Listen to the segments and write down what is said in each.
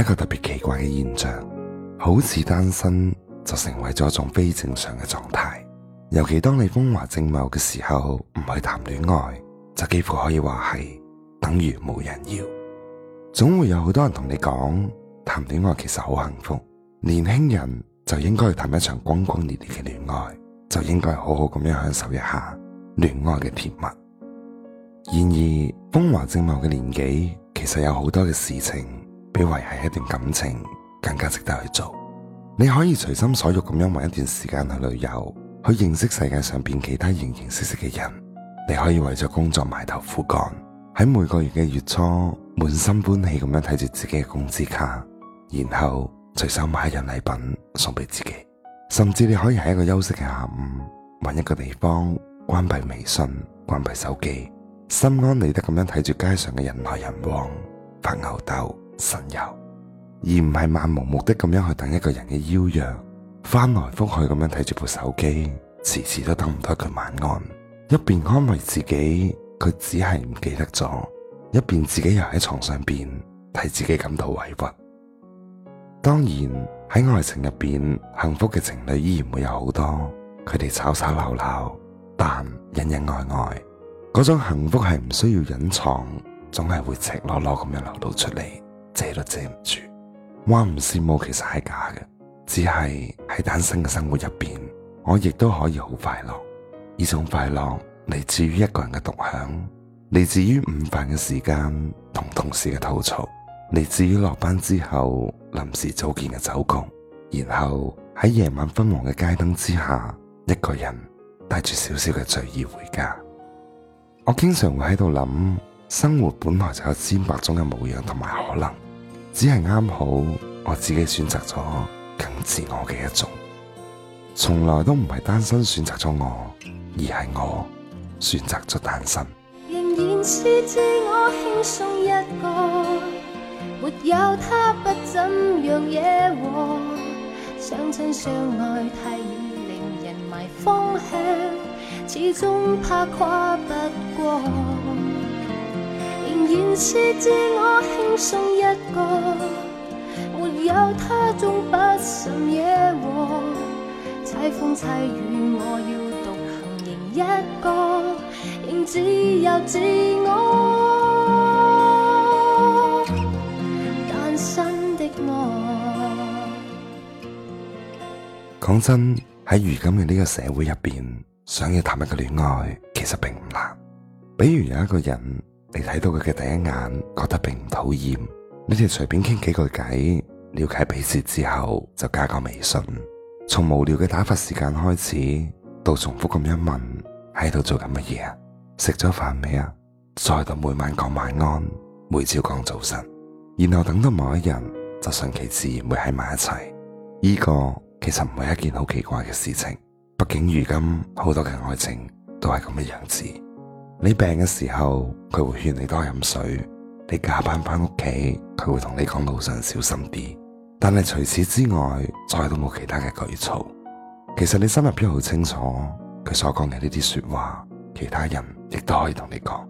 一個特別奇怪嘅現象，好似單身就成為咗一種非正常嘅狀態。尤其當你風華正茂嘅時候，唔去談戀愛，就幾乎可以話係等於冇人要。總會有好多人同你講，談戀愛其實好幸福，年輕人就應該去談一場轟轟烈烈嘅戀愛，就應該好好咁樣享受一下戀愛嘅甜蜜。然而，風華正茂嘅年紀，其實有好多嘅事情。比維繫一段感情更加值得去做。你可以隨心所欲咁樣揾一段時間去旅遊，去認識世界上邊其他形形色色嘅人。你可以為咗工作埋頭苦幹，喺每個月嘅月初滿心歡喜咁樣睇住自己嘅工資卡，然後隨手買一樣禮品送俾自己。甚至你可以喺一個休息嘅下午，揾一個地方關閉微信、關閉手機，心安理得咁樣睇住街上嘅人來人往，發吽哣。神遊，而唔係漫無目的咁樣去等一個人嘅邀約，翻來覆去咁樣睇住部手機，遲遲都等唔到佢晚安。一邊安慰自己佢只係唔記得咗，一邊自己又喺床上邊替自己感到委屈。當然喺愛情入邊，幸福嘅情侶依然會有好多，佢哋吵吵鬧鬧，但恩恩愛愛，嗰種幸福係唔需要隱藏，總係會赤裸裸咁樣流露出嚟。遮都遮唔住，話唔羨慕其實係假嘅，只係喺單身嘅生活入邊，我亦都可以好快樂。呢種快樂嚟自於一個人嘅獨享，嚟自於午飯嘅時間同同事嘅吐槽，嚟自於落班之後臨時組建嘅酒局，然後喺夜晚昏黃嘅街燈之下，一個人帶住少少嘅醉意回家。我經常會喺度諗。生活本來就有千百種嘅模樣同埋可能，只係啱好我自己選擇咗更自我嘅一種。從來都唔係單身選擇咗我，而係我選擇咗單身。仍然似自我輕鬆一個，沒有他不怎樣惹禍。相親相愛太易令人迷方向，始終怕跨不過。現時自我輕鬆一個，沒有他仲不甚惹禍。淒風淒雨我要獨行仍一個，仍自由自我。單身的我。講真，喺如今嘅呢個社會入邊，想要談一個戀愛，其實並唔難。比如有一個人。你睇到佢嘅第一眼，覺得並唔討厭，你哋隨便傾幾個偈，了解彼此之後就加個微信，從無聊嘅打發時間開始，到重複咁一問喺度做緊乜嘢啊，食咗飯未啊，再到每晚講晚安，每朝講早晨，然後等到某一日就順其自然會喺埋一齊，呢個其實唔係一件好奇怪嘅事情，畢竟如今好多嘅愛情都係咁嘅樣子。你病嘅時候，佢會勸你多飲水；你加班翻屋企，佢會同你講路上小心啲。但係除此之外，再都冇其他嘅舉措。其實你心入邊好清楚，佢所講嘅呢啲說話，其他人亦都可以同你講。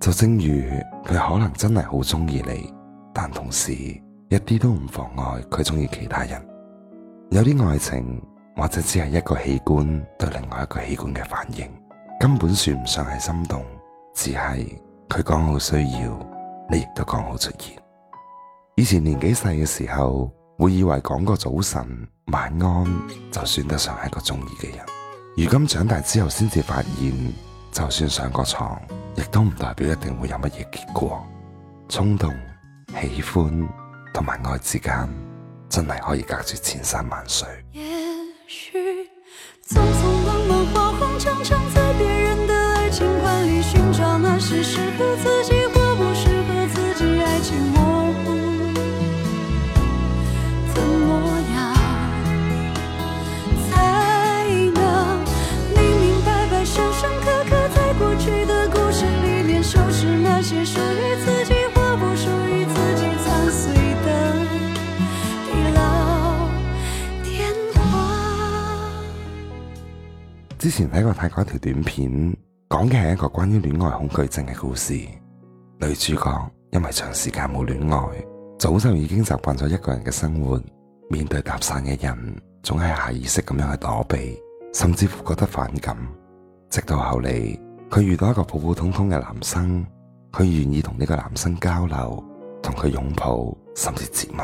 就正如佢可能真係好中意你，但同時一啲都唔妨礙佢中意其他人。有啲愛情，或者只係一個器官對另外一個器官嘅反應。根本算唔上係心動，只係佢講好需要，你亦都講好出現。以前年紀細嘅時候，會以為講個早晨、晚安，就算得上係一個中意嘅人。如今長大之後，先至發現，就算上過床，亦都唔代表一定會有乜嘢結果。衝動、喜歡同埋愛之間，真係可以隔住千山萬水。之前睇過睇過一條短片，講嘅係一個關於戀愛恐懼症嘅故事，女主角。因為長時間冇戀愛，早就已經習慣咗一個人嘅生活，面對搭訕嘅人，總係下意識咁樣去躲避，甚至乎覺得反感。直到後嚟，佢遇到一個普普通通嘅男生，佢願意同呢個男生交流，同佢擁抱，甚至接吻。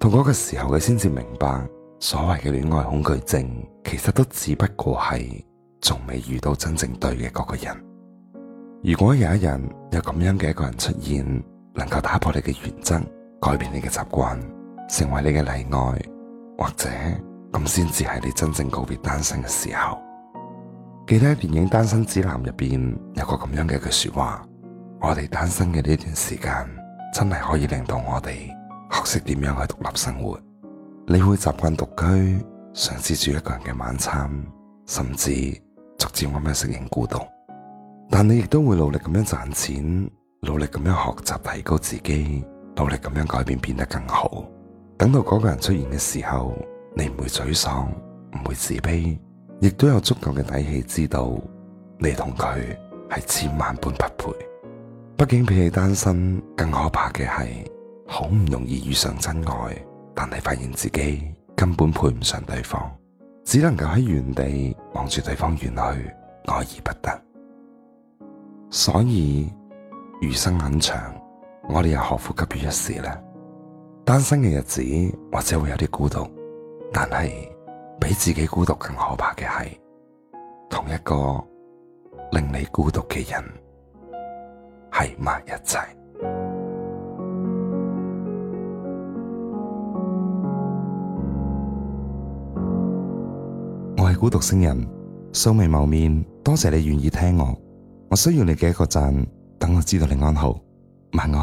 到嗰個時候，佢先至明白，所謂嘅戀愛恐懼症，其實都只不過係仲未遇到真正對嘅嗰個人。如果有一日有咁樣嘅一個人出現，能夠打破你嘅原則，改變你嘅習慣，成為你嘅例外，或者咁先至係你真正告別單身嘅時候。記得喺電影《單身指南》入邊有個咁樣嘅一句說話：我哋單身嘅呢段時間真係可以令到我哋學識點樣去獨立生活。你會習慣獨居，嘗試煮一個人嘅晚餐，甚至逐漸慢慢適應孤獨。但你亦都會努力咁樣賺錢，努力咁樣學習提高自己，努力咁樣改變變得更好。等到嗰個人出現嘅時候，你唔會沮喪，唔會自卑，亦都有足夠嘅底氣知道你同佢係千萬般匹配。畢竟比起單身更可怕嘅係，好唔容易遇上真愛，但係發現自己根本配唔上對方，只能夠喺原地望住對方遠去，愛而不得。所以，餘生很長，我哋又何苦急於一時呢？單身嘅日子或者會有啲孤獨，但係比自己孤獨更可怕嘅係同一個令你孤獨嘅人係埋一齊。我係孤獨星人，素未謀面，多謝你願意聽我。我需要你嘅一個讚，等我知道你安好，晚安。